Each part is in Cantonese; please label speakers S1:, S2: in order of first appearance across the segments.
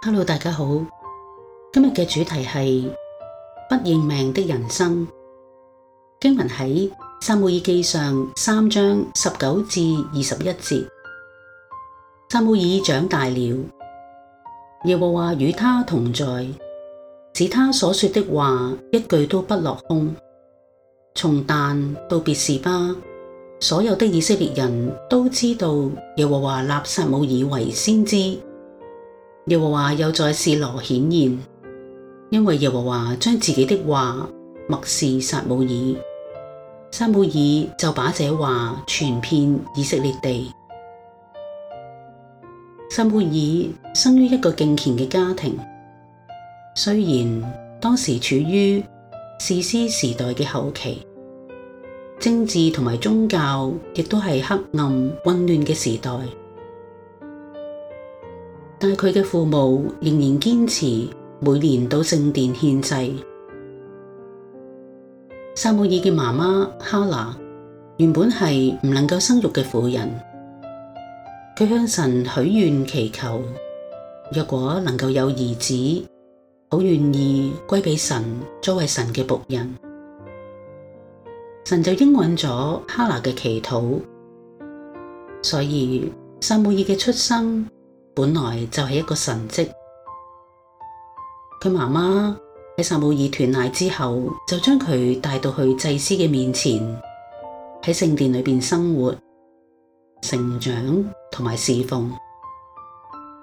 S1: Hello，大家好。今日嘅主題是不認命的人生。經文喺撒母耳記上三章十九至二十一節。撒母耳長大了，耶和華與他同在，使他所說的話一句都不落空。從但到別是巴，所有的以色列人都知道耶和華立撒母耳為先知。耶和華又在示羅顯現，因為耶和華將自己的話默示撒母耳，撒母耳就把這話傳遍以色列地。撒母耳生於一個敬虔嘅家庭，雖然當時處於士師時代嘅後期，政治同埋宗教亦都係黑暗混亂嘅時代。但係佢嘅父母仍然堅持每年到聖殿獻祭。撒母耳嘅媽媽哈拿原本係唔能夠生育嘅婦人，佢向神許願祈求，若果能夠有兒子，好願意歸俾神作為神嘅僕人。神就應允咗哈拿嘅祈禱，所以撒母耳嘅出生本來就係一個神蹟。佢媽媽喺撒母耳斷奶之後，就將佢帶到去祭司嘅面前，喺聖殿裏面生活、成長同埋侍奉。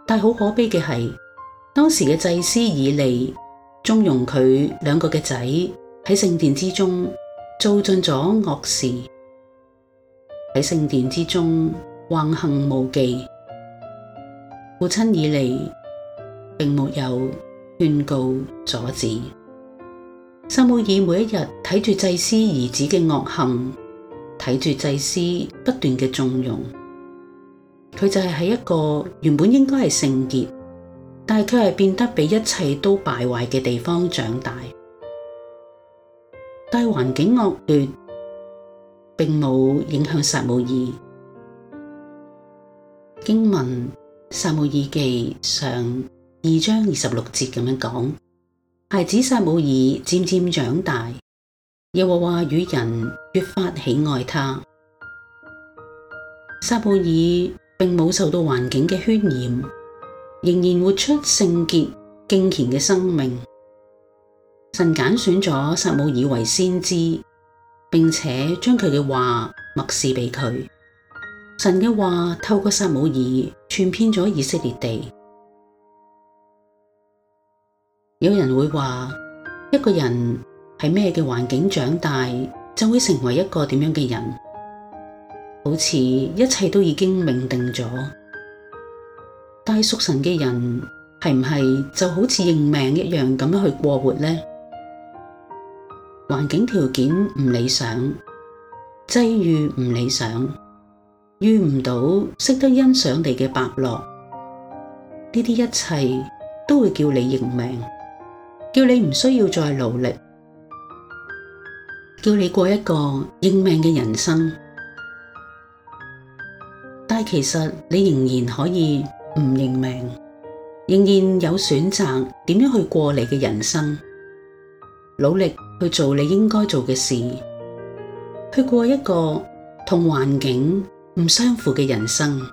S1: 但係好可悲嘅係，當時嘅祭司以利縱容佢兩個嘅仔喺聖殿之中做盡咗惡事，喺聖殿之中橫行無忌。父親以嚟並沒有勸告阻止。撒母耳每一日睇住祭司兒子嘅惡行，睇住祭司不斷嘅縱容，佢就係喺一個原本應該係聖潔，但係佢係變得比一切都敗壞嘅地方長大。但環境惡劣，並冇影響撒母耳。經文。撒母耳記上二章二十六節咁樣講：孩子撒母耳漸漸長大，耶和華與人越發喜愛他。撒母耳並冇受到環境嘅渲染，仍然活出聖潔敬虔嘅生命。神揀選咗撒母耳為先知，並且將佢嘅話默示俾佢。神嘅話透過撒母耳，傳遍咗以色列地，有人會話：一個人喺咩嘅環境長大，就會成為一個點樣嘅人，好似一切都已經命定咗。但係屬神嘅人係唔係就好似認命一樣咁樣去過活呢？環境條件唔理想，際遇唔理想，遇唔到識得欣賞你嘅伯樂，呢啲一切都會叫你認命，叫你唔需要再努力，叫你過一個認命嘅人生。但其實你仍然可以唔認命，仍然有選擇點樣去過你嘅人生，努力去做你應該做嘅事，去過一個同環境。不認命的人生。